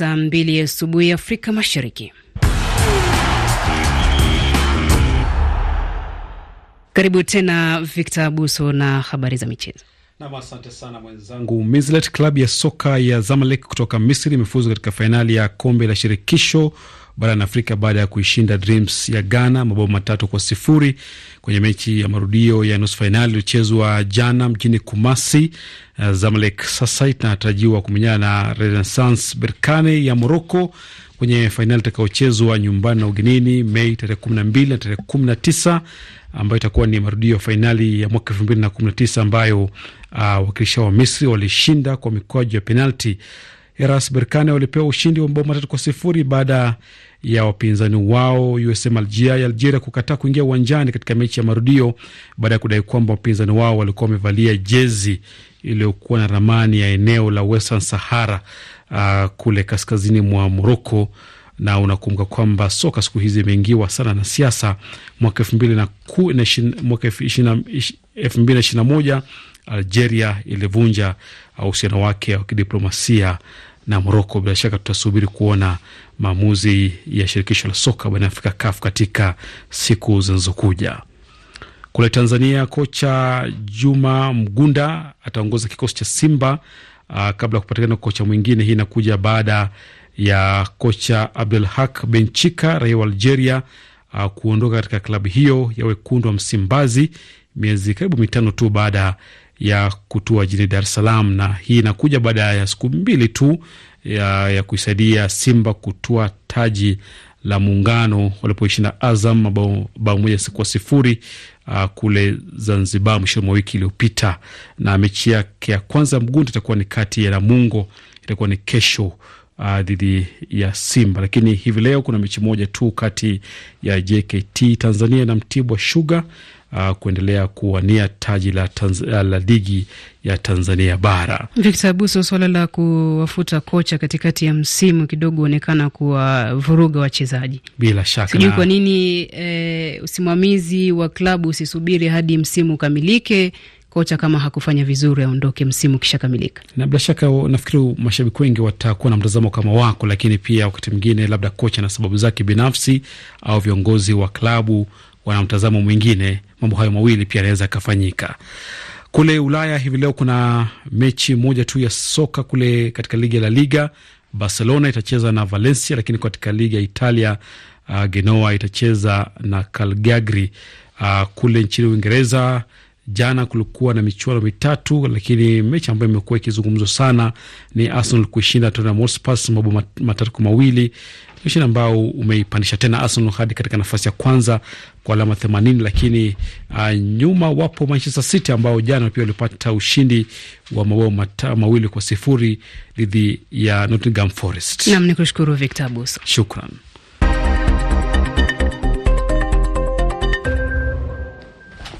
saa mbili asubuhi Afrika Mashariki. Karibu tena Victor Abuso na habari za michezo. Nam, asante sana mwenzangu Mislet. Klabu ya soka ya Zamalek kutoka Misri imefuzu katika fainali ya kombe la shirikisho barani Afrika baada ya kuishinda Dreams ya Ghana mabao matatu kwa sifuri kwenye mechi ya marudio ya nusu fainali iliochezwa jana mjini Kumasi. Uh, Zamalek sasa inatarajiwa kumenyana na Renaissance Berkane ya Moroko kwenye fainali itakayochezwa nyumbani na ugenini Mei tarehe kumi na mbili na tarehe kumi na tisa ambayo itakuwa ni marudio ya fainali ya mwaka elfu mbili na kumi na tisa ambayo uh, wakilisha wa Misri walishinda kwa mikwaju ya penalti. Eras Berkane walipewa ushindi wa mabao matatu kwa sifuri baada ya wapinzani wao USM Algeria ya Algeria kukataa kuingia uwanjani katika mechi ya marudio baada ya kudai kwamba wapinzani wao walikuwa wamevalia jezi iliyokuwa na ramani ya eneo la Western Sahara uh, kule kaskazini mwa Moroko na unakumbuka kwamba soka siku hizi imeingiwa sana na siasa. Mwaka elfu mbili na ishirini na moja Algeria ilivunja uh, uhusiano wake wa kidiplomasia na Moroko. Bila shaka tutasubiri kuona maamuzi ya shirikisho la soka barani Afrika, CAF, katika siku zinazokuja. Kule Tanzania, kocha Juma Mgunda ataongoza kikosi cha Simba uh, kabla ya kupatikana kocha mwingine. Hii inakuja baada ya kocha Abdul Hak Benchika, raia wa Algeria, uh, kuondoka katika klabu hiyo ya wekundu wa Msimbazi miezi karibu mitano tu baada ya kutua jijini Dar es Salaam, na hii inakuja baada ya siku mbili tu ya, ya kuisaidia Simba kutua taji la Muungano walipoishinda Azam mabao moja kwa sifuri uh, kule Zanzibar mwishoni mwa wiki iliyopita, na mechi yake ya kwanza mgundi itakuwa ni kati ya Namungo, itakuwa ni kesho uh, dhidi ya Simba. Lakini hivi leo kuna mechi moja tu kati ya JKT Tanzania na Mtibwa Sugar uh, kuendelea kuwania taji la, uh, la ligi ya Tanzania bara. Victor Abuso, swala la kuwafuta kocha katikati ya msimu kidogo huonekana kuwavuruga wachezaji, bila shaka sijui kwa nini e, usimamizi wa klabu usisubiri hadi msimu ukamilike kocha kama hakufanya vizuri aondoke msimu ukishakamilika. Na bila shaka nafikiri mashabiki wengi watakuwa na mtazamo kama wako, lakini pia wakati mwingine labda kocha na sababu zake binafsi au viongozi wa klabu wana mtazamo mwingine. Mambo hayo mawili pia yanaweza yakafanyika. Kule Ulaya hivi leo kuna mechi moja tu ya soka kule katika ligi ya La Liga. Barcelona itacheza na Valencia, lakini katika ligi ya Italia uh, Genoa itacheza na Cagliari. Uh, kule nchini Uingereza Jana kulikuwa na michuano mitatu, lakini mechi ambayo imekuwa ikizungumzwa sana ni Arsenal kuishinda Tottenham Hotspur mabao matatu kwa mawili ushindi ambao umeipandisha tena Arsenal hadi katika nafasi ya kwanza kwa alama themanini, lakini uh, nyuma wapo Manchester City ambao jana pia walipata ushindi wa mabao mawili kwa sifuri dhidi ya Nottingham Forest. Nam ni kushukuru Victor Buso, shukran.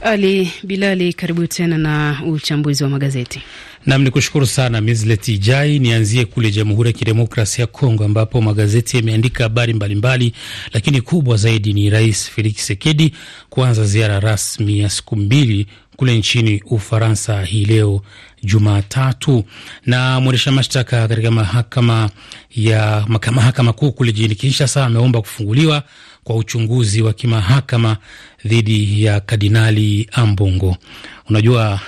Ali Bilali, karibu tena na uchambuzi wa magazeti. Nam ni kushukuru sana Mislet Ijai. Nianzie kule Jamhuri ya kidemokrasi ya Kongo ambapo magazeti yameandika habari mbalimbali, lakini kubwa zaidi ni Rais Felix Tshisekedi kuanza ziara rasmi ya siku mbili kule nchini Ufaransa hii leo Jumatatu. Na mwendesha mashtaka katika mahakama ya mahakama kuu kule jijini Kinshasa ameomba kufunguliwa kwa uchunguzi wa kimahakama dhidi ya Kardinali Ambongo. Unajua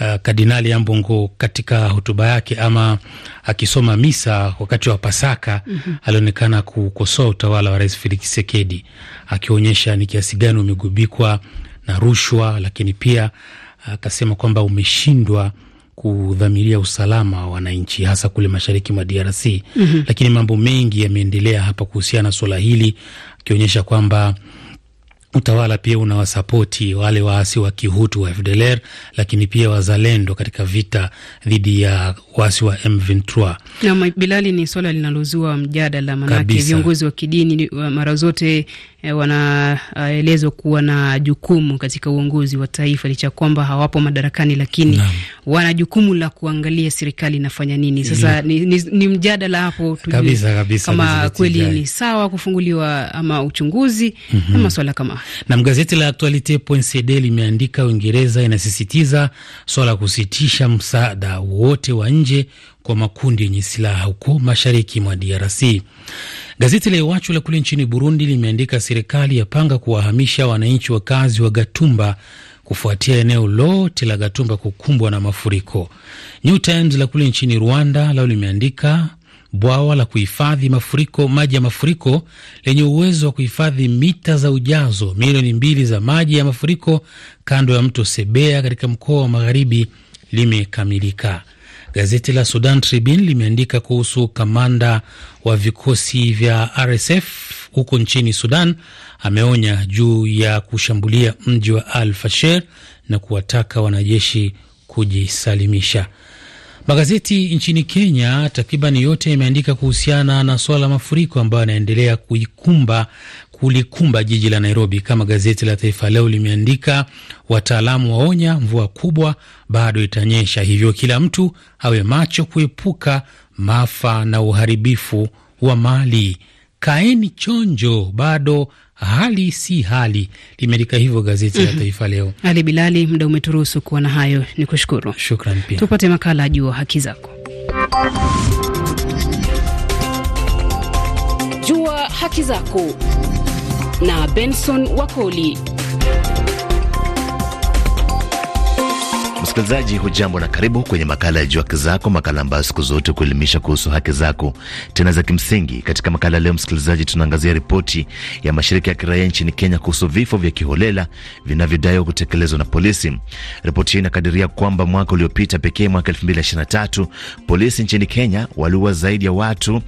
uh, Kardinali Ambongo katika hotuba yake ama akisoma misa wakati wa Pasaka mm -hmm. alionekana kukosoa utawala wa Rais Felix Tshisekedi akionyesha ni kiasi gani umegubikwa na rushwa, lakini pia uh, akasema uh, kwamba umeshindwa kudhamiria usalama wa wananchi hasa kule mashariki mwa DRC. mm -hmm. Lakini mambo mengi yameendelea hapa kuhusiana na suala hili, akionyesha kwamba utawala pia unawasapoti wale waasi wa kihutu wa FDLR, lakini pia wazalendo katika vita dhidi ya waasi wa M23. Na Bilali, ni swala linalozua mjadala, manake viongozi wa kidini mara zote Eh, wanaelezwa eh, kuwa na jukumu katika uongozi wa taifa, licha kwamba hawapo madarakani, lakini Naam. wana jukumu la kuangalia serikali inafanya nini. Sasa ni, ni, ni mjadala hapo kabisa, kabisa, kama kweli ni sawa kufunguliwa ama uchunguzi mm -hmm. ama swala kama nam. Gazeti la Actualite.cd limeandika Uingereza inasisitiza swala kusitisha msaada wote wa nje kwa makundi yenye silaha huko mashariki mwa DRC. Gazeti la Iwachu la kule nchini Burundi limeandika serikali yapanga kuwahamisha wananchi wakazi wa Gatumba kufuatia eneo lote la Gatumba kukumbwa na mafuriko. New Times la kule nchini Rwanda lao limeandika bwawa la kuhifadhi mafuriko maji ya mafuriko lenye uwezo wa kuhifadhi mita za ujazo milioni mbili za maji ya mafuriko kando ya mto Sebea katika mkoa wa Magharibi limekamilika. Gazeti la Sudan Tribune limeandika kuhusu kamanda wa vikosi vya RSF huko nchini Sudan ameonya juu ya kushambulia mji wa Al Fasher na kuwataka wanajeshi kujisalimisha. Magazeti nchini Kenya takriban yote yameandika kuhusiana na suala la mafuriko ambayo yanaendelea kuikumba kulikumba jiji la Nairobi, kama gazeti la Taifa Leo limeandika. Wataalamu waonya mvua kubwa bado itanyesha, hivyo kila mtu awe macho kuepuka maafa na uharibifu wa mali. Kaeni chonjo, bado hali si hali, limeandika hivyo gazeti mm -hmm. la mhm. Taifa Leo. Ali Bilali, muda umeturuhusu kuwa na hayo, ni kushukuru. Shukran pia, tupate makala Jua Haki Zako. Jua Haki Zako na Benson Wakoli. Msikilizaji hujambo na karibu kwenye makala ya Jua Haki Zako, makala ambayo siku zote kuelimisha kuhusu haki zako tena za kimsingi. Katika makala leo, msikilizaji, tunaangazia ripoti ya mashirika ya kiraia nchini Kenya kuhusu vifo vya kiholela vinavyodaiwa kutekelezwa na polisi. Ripoti hii inakadiria kwamba mwaka uliopita pekee, mwaka 2023 polisi nchini Kenya waliua zaidi ya watu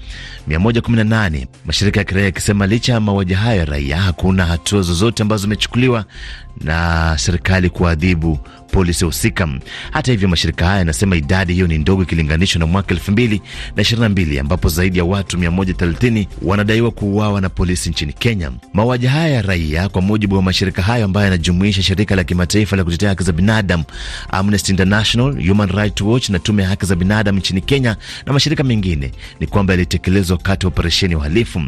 118, mashirika ya kiraia yakisema licha ya mauaji hayo ya raia, hakuna hatua zozote ambazo zimechukuliwa na serikali kuadhibu polisi husika. Hata hivyo, mashirika haya yanasema idadi hiyo ni ndogo ikilinganishwa na mwaka mbili ambapo zaidi ya watu 130 wanadaiwa kuuawa na polisi nchini Kenya. Mauaji haya ya raia, kwa mujibu wa mashirika hayo ambayo yanajumuisha shirika la kimataifa la kutetea haki za binadamu Amnesty International, Human Rights Watch na tume ya haki za binadamu nchini Kenya na mashirika mengine, ni kwamba yalitekelezwa wakati wa operesheni uhalifu.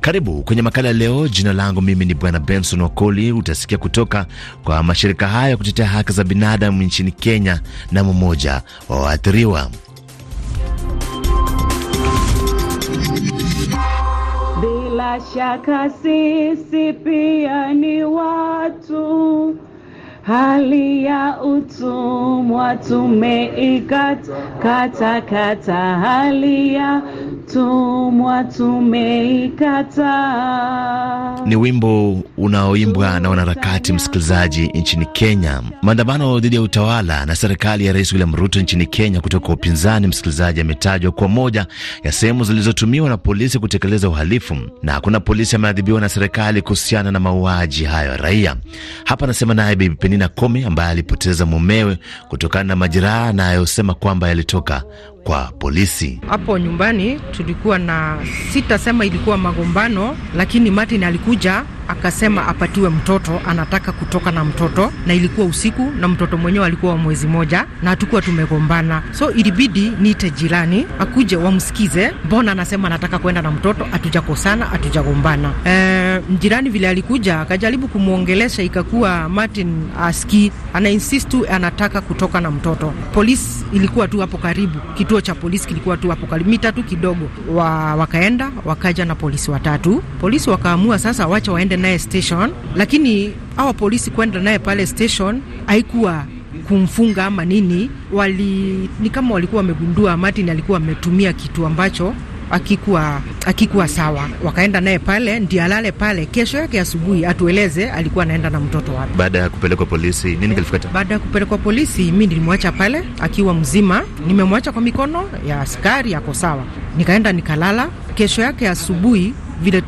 Karibu kwenye makala leo. Jina langu mimi ni Bwana Benson Wakoli. Utasikia kutoka kwa mashirika hayo kutetea haki za binadamu nchini Kenya na mmoja wa waathiriwa. Bila shaka sisi pia ni watu, hali ya utumwa tumeikatakata, hali ya kutumwa tumeikata Ni wimbo unaoimbwa na wanaharakati msikilizaji nchini Kenya. Maandamano dhidi ya utawala na serikali ya Rais William Ruto nchini Kenya kutoka upinzani, msikilizaji, ametajwa kwa moja ya sehemu zilizotumiwa na polisi kutekeleza uhalifu, na hakuna polisi ameadhibiwa na serikali kuhusiana na mauaji hayo ya raia. Hapa anasema naye Bibi Penina Kome ambaye alipoteza mumewe kutokana na majeraha anayosema kwamba yalitoka kwa polisi. Hapo nyumbani tulikuwa na sitasema ilikuwa magombano, lakini Martin alikuja akasema apatiwe mtoto, anataka kutoka na mtoto, na ilikuwa usiku na mtoto mwenyewe alikuwa wa mwezi moja, na hatukuwa tumegombana, so ilibidi niite jirani akuje wamsikize, mbona anasema anataka kwenda na mtoto, hatujakosana hatujagombana. E, jirani vile alikuja akajaribu kumwongelesha, ikakuwa Martin aski ana insist tu anataka kutoka na mtoto. Polisi ilikuwa tu hapo karibu, kituo cha polisi kilikuwa tu hapo karibu, mita tu kidogo wa, wakaenda wakaja na polisi watatu. Polisi wakaamua sasa, wacha waende naye station, lakini hawa polisi kwenda naye pale station haikuwa kumfunga ama nini, wali ni kama walikuwa wamegundua Martin alikuwa ametumia kitu ambacho akikuwa akikuwa sawa, wakaenda naye pale ndi alale pale. Kesho yake asubuhi atueleze alikuwa anaenda na mtoto wapi. Baada ya kupelekwa polisi nini kilifuata? Baada ya kupelekwa polisi, mi nilimwacha pale akiwa mzima, nimemwacha kwa mikono ya askari, yako sawa, nikaenda nikalala. Kesho yake asubuhi vile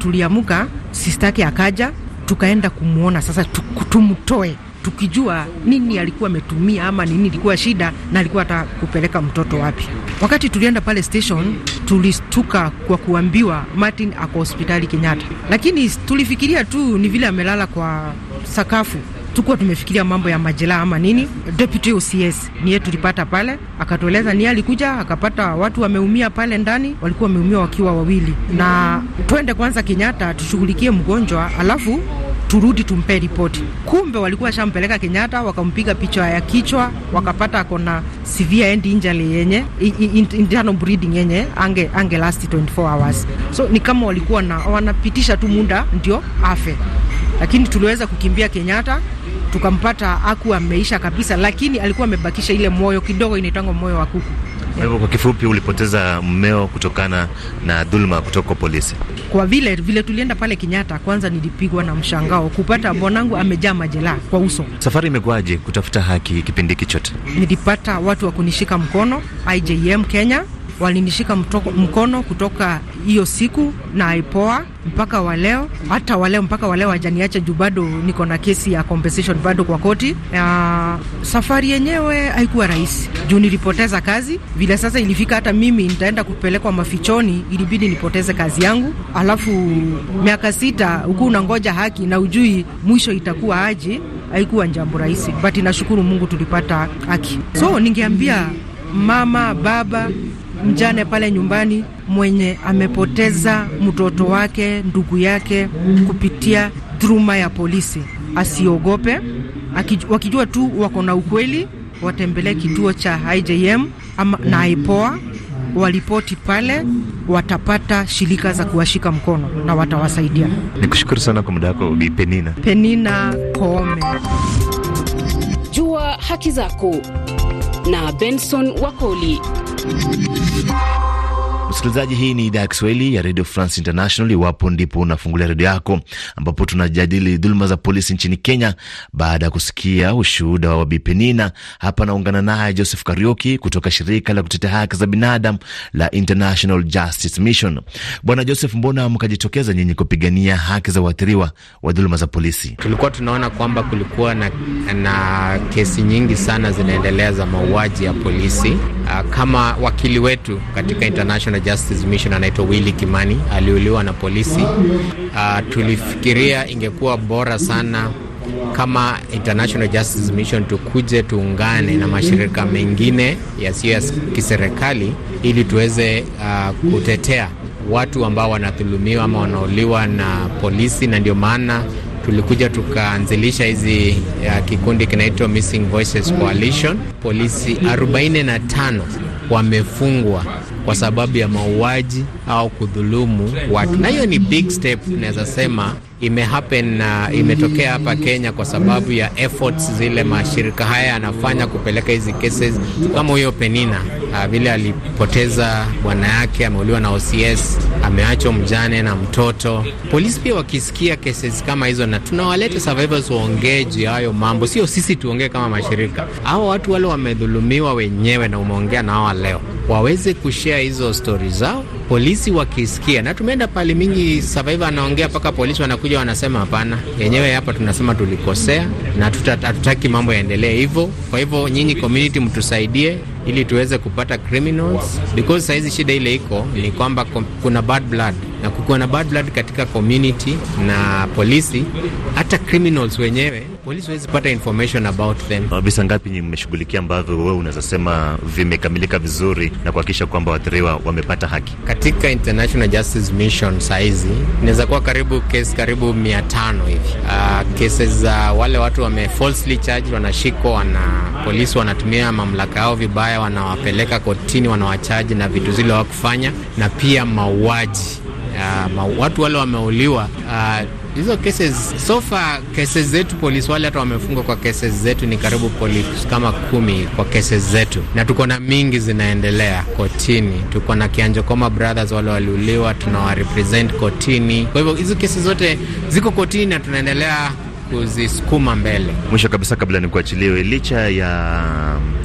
sista yake akaja, tukaenda kumwona sasa, tumtoe tukijua nini alikuwa ametumia ama nini ilikuwa shida, na alikuwa hata kupeleka mtoto wapi. Wakati tulienda pale station, tulistuka kwa kuambiwa Martin ako hospitali Kenyatta, lakini tulifikiria tu ni vile amelala kwa sakafu tukuwa tumefikiria mambo ya majela ama nini. Deputy OCS ni yeye tulipata pale, akatueleza ni alikuja akapata watu wameumia pale ndani, walikuwa wameumia wakiwa wawili, na twende kwanza Kenyatta tushughulikie mgonjwa alafu turudi tumpe ripoti. Kumbe walikuwa shampeleka Kenyatta, wakampiga picha ya kichwa, wakapata akona severe end injury yenye internal bleeding yenye ange, ange last 24 hours. So ni kama walikuwa na wanapitisha tu muda ndio afe lakini tuliweza kukimbia Kenyatta tukampata, aku ameisha kabisa, lakini alikuwa amebakisha ile moyo kidogo, inaitangwa moyo wa kuku. Kwa hivyo kwa kifupi, ulipoteza mmeo kutokana na dhuluma kutoka polisi. Kwa vile vile tulienda pale Kenyatta, kwanza nilipigwa na mshangao kupata bwanangu amejaa majeraha kwa uso. Safari imekuwaje kutafuta haki kipindi chote? Nilipata watu wa kunishika mkono, IJM Kenya walinishika mtoko, mkono kutoka hiyo siku na aipoa mpaka waleo, hata waleo mpaka waleo hajaniacha juu bado niko na kesi ya compensation bado kwa koti. Uh, safari yenyewe haikuwa rahisi juu nilipoteza kazi vile. Sasa ilifika hata mimi nitaenda kupelekwa mafichoni, ilibidi nipoteze kazi yangu, alafu miaka sita huku unangoja haki na ujui mwisho itakuwa aji Haikuwa jambo rahisi, but nashukuru Mungu tulipata haki. So ningeambia mama, baba mjane pale nyumbani mwenye amepoteza mtoto wake, ndugu yake kupitia dhuruma ya polisi, asiogope. Wakijua tu wako na ukweli, watembelee kituo cha IJM ama na IPOA walipoti pale, watapata shirika za kuwashika mkono na watawasaidia. kushukuru sana kwa muda wako Bi Penina. Penina Koome. Jua haki zako na Benson Wakoli. Msikilizaji, hii ni idhaa ya Kiswahili ya Radio France International. Iwapo ndipo unafungulia redio yako, ambapo tunajadili dhuluma za polisi nchini Kenya baada ya kusikia ushuhuda wa wabipenina Hapa naungana naye Joseph Karioki kutoka shirika la kutetea haki za binadamu la International Justice Mission. Bwana Joseph, mbona mkajitokeza nyinyi kupigania haki za uathiriwa wa dhuluma za polisi? Tulikuwa tunaona kwamba kulikuwa na, na kesi nyingi sana zinaendelea za mauaji ya polisi uh, kama wakili wetu katika International Justice Mission anaitwa Willy Kimani, aliuliwa na polisi uh, tulifikiria ingekuwa bora sana kama International Justice Mission tukuje tuungane na mashirika mengine yasiyo ya kiserikali ili tuweze uh, kutetea watu ambao wanadhulumiwa ama wanaoliwa na polisi, na ndio maana tulikuja tukaanzilisha hizi kikundi kinaitwa Missing Voices Coalition. Polisi 45 wamefungwa kwa sababu ya mauaji au kudhulumu watu, na hiyo ni big step, naweza sema imehappen na uh, imetokea hapa Kenya kwa sababu ya efforts zile mashirika haya yanafanya kupeleka hizi cases, kama huyo Penina uh, vile alipoteza bwana yake ameuliwa na OCS ameachwa mjane na mtoto. Polisi pia wakisikia kesi kama hizo, na tunawaleta survivors waongee juu ya hayo mambo, sio sisi tuongee kama mashirika. Hao watu wale wamedhulumiwa wenyewe, na umeongea na hawa leo, waweze kushea hizo stori zao, polisi wakisikia. Na tumeenda pale mingi, survivor anaongea mpaka polisi wanakuja wanasema, hapana, yenyewe hapa tunasema tulikosea na hatutaki mambo yaendelee hivyo. Kwa hivyo nyinyi community mtusaidie, ili tuweze kupata criminals because saizi shida ile iko ni kwamba kuna bad blood na kukuwa na bad blood katika community na polisi, hata criminals wenyewe polisi hawezi pata information about them. Na visa ngapi mmeshughulikia ambavyo wewe unaweza sema vimekamilika vizuri na kuhakikisha kwamba waathiriwa wamepata haki? Katika International Justice Mission saizi inaweza kuwa karibu kesi karibu 500 hivi. Uh, cases za uh, wale watu wame falsely charged wanashikwa, wana polisi wanatumia mamlaka yao vibaya, wanawapeleka kotini, wanawacharge na vitu zile wakufanya, na pia mauaji uh, watu wale wameuliwa uh, hizo cases so far, cases zetu polisi wale hata wamefungwa kwa cases zetu ni karibu polisi kama kumi kwa cases zetu, na tuko na mingi zinaendelea kotini. Tuko na kianjo koma brothers wale waliuliwa, tunawarepresent kotini. Kwa hivyo hizo kesi zote ziko kotini na tunaendelea kuzisukuma mbele. Mwisho kabisa, kabla ni kuachiliwe licha ya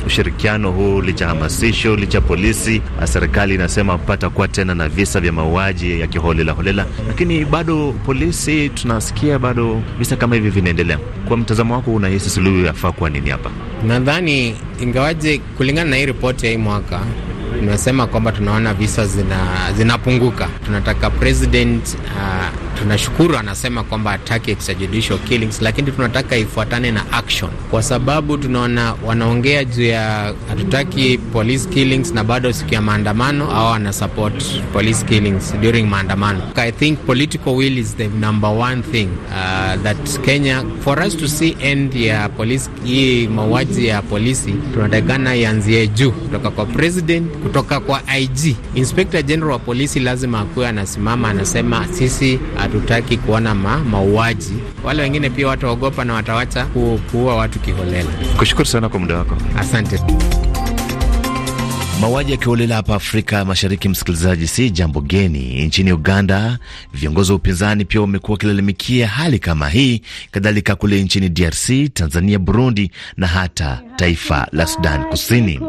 ushirikiano huu, licha ya hamasisho, licha ya polisi, serikali inasema pata kuwa tena na visa vya mauaji ya kiholela holela, lakini bado polisi tunasikia bado visa kama hivi vinaendelea. Kwa mtazamo wako, unahisi suluhu yafaa kuwa nini hapa? Nadhani ingawaje, kulingana na hii ripoti ya hii mwaka tunasema kwamba tunaona visa zinapunguka. Zina tunataka president uh, tunashukuru anasema kwamba hataki extrajudicial killings, lakini tunataka ifuatane na action, kwa sababu tunaona wanaongea juu ya hatutaki police killings na bado siku ya maandamano au ana support police killings during maandamano. I think political will is the number one thing uh, that Kenya for us to see end ya police, hii mauaji ya polisi tunatakana ianzie juu kutoka kwa president, kutoka kwa IG. Inspector General wa polisi lazima akuwe anasimama anasema sisi hatutaki kuona ma, mauaji. Wale wengine pia wataogopa na watawacha kuua watu kiholela. Kushukuru sana kwa muda wako, asante. Mauaji ya kiholela hapa Afrika Mashariki, msikilizaji, si jambo geni. Nchini Uganda, viongozi wa upinzani pia wamekuwa wakilalamikia hali kama hii, kadhalika kule nchini DRC, Tanzania, Burundi na hata taifa la Sudan Kusini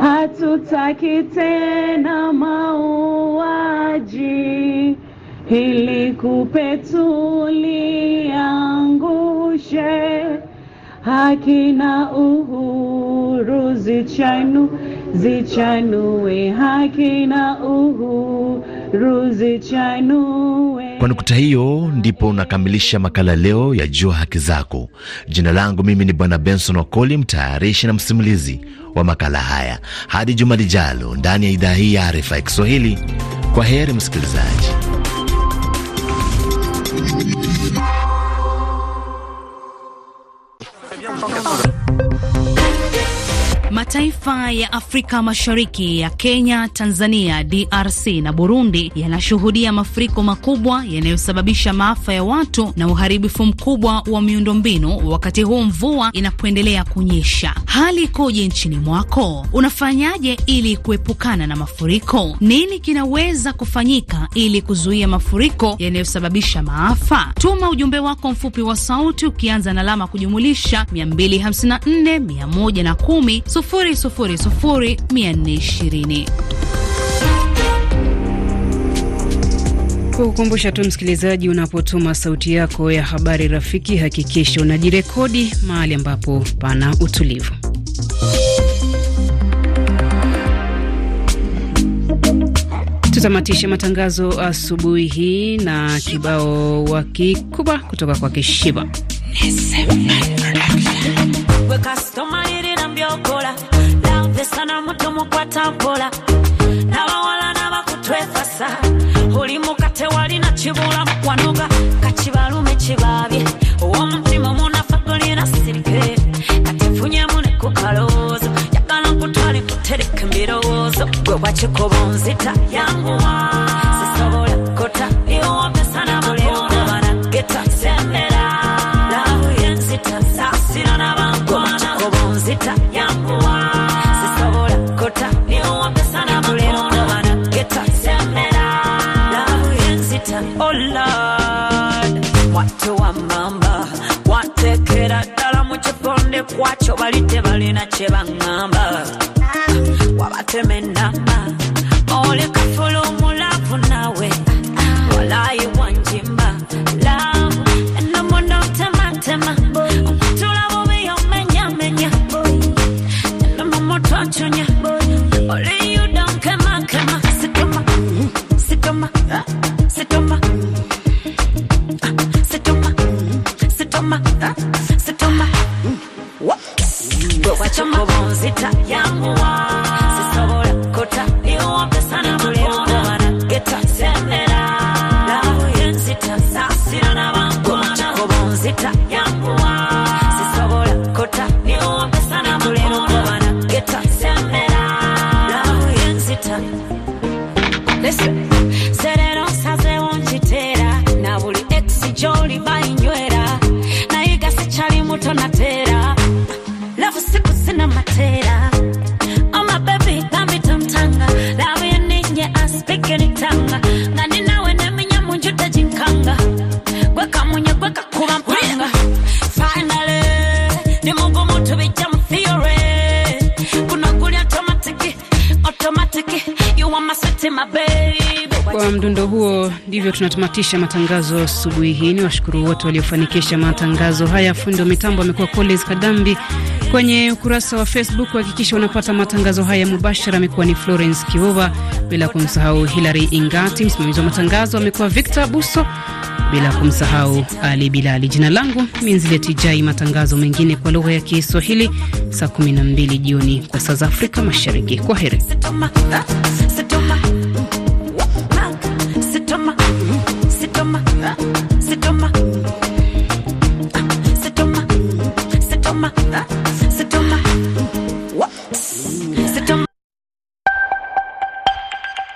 hatutaki tena mauaji, ili kupe tuliangushe, haki na uhuru zichanu, zichanue haki na uhuru kwa nukta hiyo ndipo unakamilisha makala leo ya Jua Haki Zako. Jina langu mimi ni Bwana Benson Wakoli, mtayarishi na msimulizi wa makala haya. Hadi juma lijalo ndani ya idhaa hii ya RFI Kiswahili. Kwa heri msikilizaji. Mataifa ya Afrika Mashariki ya Kenya, Tanzania, DRC na Burundi yanashuhudia mafuriko makubwa yanayosababisha maafa ya watu na uharibifu mkubwa wa miundombinu, wakati huu mvua inapoendelea kunyesha. Hali ikoje nchini mwako? Unafanyaje ili kuepukana na mafuriko? Nini kinaweza kufanyika ili kuzuia mafuriko yanayosababisha maafa? Tuma ujumbe wako mfupi wa sauti ukianza na alama kujumulisha 254 110 kwa kukumbusha tu msikilizaji, unapotuma sauti yako ya habari rafiki, hakikisha unajirekodi mahali ambapo pana utulivu. Tutamatishe matangazo asubuhi hii na kibao wa kikuba kutoka kwa Kishiba. byokola lavesana mutumu kwatampola nabawala nabakutwefasa oli muka tewalina kibulamu kwanoga kakibalume kibabye owomutima munafa golina sirike katifunyemu nekukalowoozo yagala nkutwali kutereka embirowoozo gwe bwakikoba onzita yanguwa kwakyo bali tebalina kye baŋŋamba wabatema ennamba ole kafula omulavu nawe walayi wanjimba laavu ennomono otematema okutula bubi listen. Said kwa mdundo huo ndivyo tunatamatisha matangazo asubuhi hii. Ni washukuru wote waliofanikisha matangazo haya. Fundi wa mitambo amekuwa Collins Kadambi. Kwenye ukurasa wa Facebook hakikisha unapata matangazo haya mubashara, amekuwa ni Florence Kiova, bila kumsahau Hilary Ingati. Msimamizi wa matangazo amekuwa Victor Buso, bila kumsahau Ali Bilali. Jina langu Minzileti Jai. Matangazo mengine kwa lugha ya Kiswahili saa 12 jioni kwa saa za Afrika Mashariki. Kwa heri.